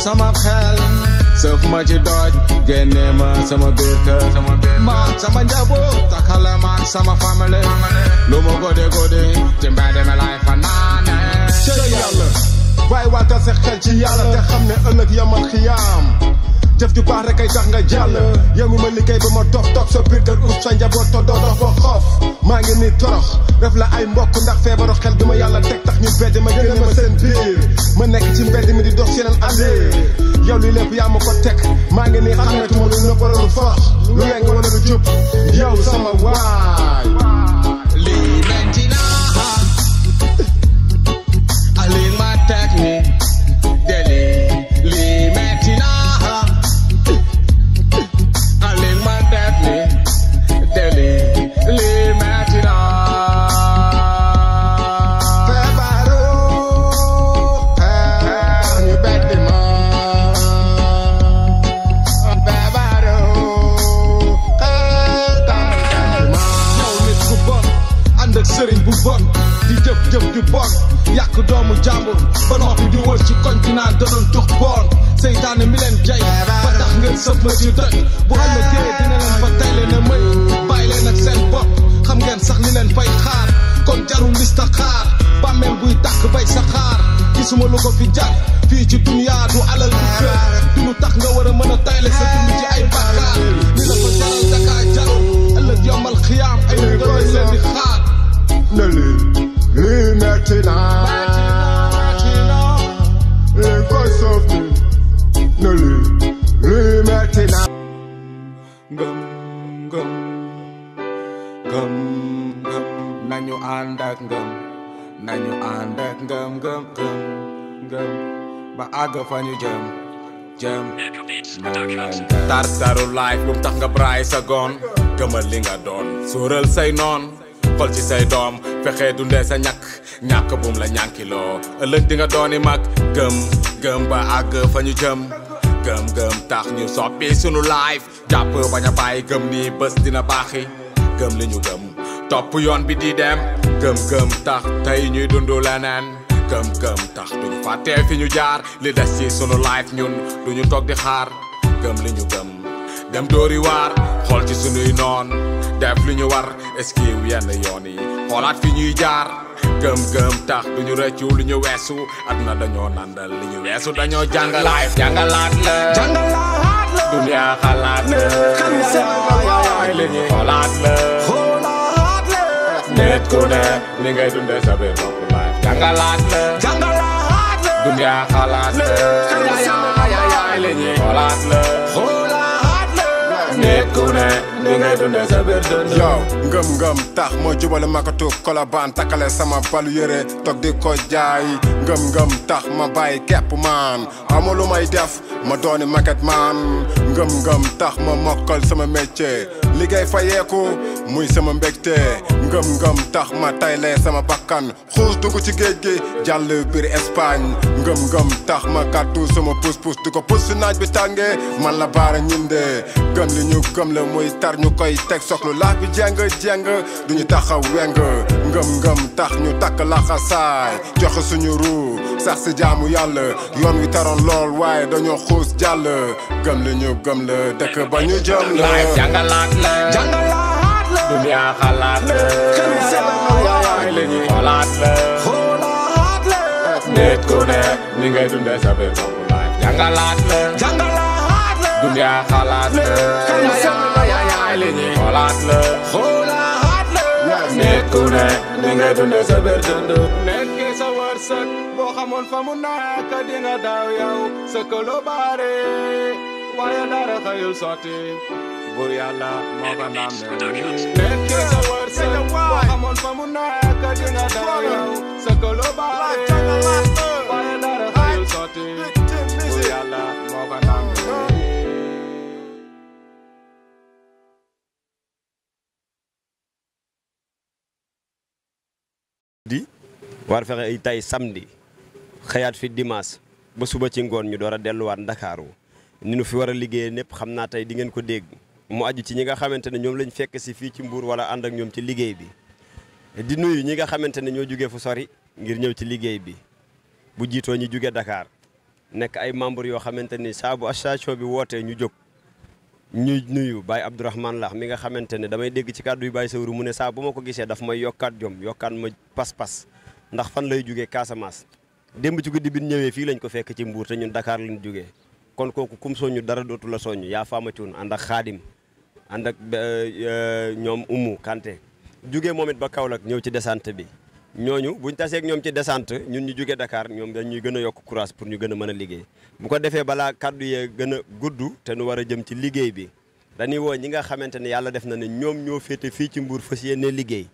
sama xel sëf ma ci doj génne ma sama biir kër maag sama njaboot takkale maag sama famille lu ma gode gode ci mbedd mi laay fanaane ci yàlla waaye wàatal sa xel ci yàlla te xam ne ëllëg yamal xiyaam jëf ju baax rek tax nga jàll yëngu ma liggéey ba ma dox toog sa biir kër ut sa njaboot te doo dox ba xoof maa ngi nii torox def la ay mbokk ndax feebaru xel bi ma yàlla teg tax ñu beddi ma génne ma seen ma nekk ci mbedd mi di dox yeneen allée yow li yaa ma ko teg maa ngi nii xam ne tuma lu nëbbaralu fax jëf ju bon yàq doomu jàmbur ba noppi di wër ci continent doon tux boon seytaane mi leen jay ba tax ngeen sëb ma ci doj bu ëllëgee dina leen fa tey leen a mëy bàyyi leen a seen bopp xam ngeen sax li leen fay xaar kon jarul listaxaar bàmmeel buy tàkk bay saxaar gisuma lu ko fi jar fii ci dunyaa du alal du kër du tax nga war a mën a tayle sa Nan you on that gum gum gum gum Ba aga fan you jam jam Tar life lum tak nga braay sa gon Gëmal li say non, xol ci say dom, fexe dundee sa nyak ñàkk bum la ñànkiloo ëllëg di doni mak mag gëm ba aga fa jam jëm gëm tak nyu sopi sunu life jàpp banyak bay bàyyi gëm ni bés dina baaxi gëm li ñu topp yoon bi di dem gëm gëm tax tey ñuy dundu leneen gëm gëm tax duñu fàtte fi ñu jaar li des ci sunu life ñun duñu toog di xaar gëm li ñu gëm dem dóori war, xool ci sunuy noon def li ñu war eskiw yenn yoon yi xoolaat fi ñuy jaar gëm gëm tax duñu rëccu lu ñu weesu aduna dañoo nandal li ñu weesu dañoo jàngal life jàngalaat la jàngalaat la dunia xalaat la xalaat la Net kone, nigga itu udah sampai mampu life Jangan laste, jangan laste Dunia kalaste Kaya ya, kaya ya, ilinyi Kolaste, kolaste Net kone, li ngëm ngëm tax moo jubale makatu kolobaan takkale sama balu yére toog di ko jaay ngëm ngëm tax ma bàyyi kepp maan amu may def ma dooni maket maan ngëm ngëm tax ma mokkal sama métier liggéey fayeeku muy sama mbégte ngëm ngëm tax ma taylee sama bakkan xuus dugg ci géej gi jàll biir Espagne ngëm ngëm tax ma kàttu sama pus pus di ko pus si naaj bi tànge man la baara ñinde gëm li ñu gëm la muy jar koy teg soxlu laax bi jeng jeng du ñu tax a weng ngëm ngëm tax ñu takk laxasaay joxe suñu ruu sax si jaamu yàlla yoon wi taroon lool waaye dañoo xuus jàll gëm la ñu gëm la dëkk ba ñu jëm la. laay jàngalaat la la dunia xalaat la xëy la ñuy la xoolaat la la jàngalaat la liggi xolaat la xolaat la nit ku ne li nga dunde sa biir dund nekki sa wërsëg boo xamoon fa mu nekk di nga daaw yow sa baare waaye dara xëyul sotti bur yàlla moo ko naam nekki war fexe tey samedi xëyaat fi dimanche ba suba ci ngoon ñu door a delluwaat ndakaaru ni nu fi war a liggéeye népp xam naa tey di ngeen ko dégg mu aju ci ñi nga xamante ne ñoom lañ fekk si fii ci mbuur wala ànd ak ñoom ci liggéey bi di nuyu ñi nga xamante ne ñoo jugee fu sori ngir ñëw ci liggéey bi bu jiitoo ñi jugee Dakar nekk ay membre yoo xamante ni saa bu bi wootee ñu jóg ñuy nuyu Baye Abdourahmane Lax mi nga xamante ne damay dégg ci kàddu yu Baye Sawru mu ne saa bu ma ko gisee daf may yokkaat jom yokkaat ma pas-pas ndax fan lay jógee Casamance démb ci guddi bi ñëwee fii lañ ko fekk ci mbuur te ñun Dakar lañ jógee kon kooku kum soñu dara dootu la soñu yaa faama cuun ànd ak xaadim ànd ak euh, ñoom Umu Kanté jógee moom it ba Kaolack ñëw ci descente bi ñooñu buñ taseeg ñoom ci descente ñun ñu jógee dakaar ñoom dañ ñuy gën a yokk courage pour ñu gën a mën a liggéey bu ko defee balaa kàddu yee gën a gudd te nu war a jëm ci liggéey bi dañuy woo ñi nga xamante ne yàlla def na ñoom ñoo féete fii ci mbuur fas yéene liggéey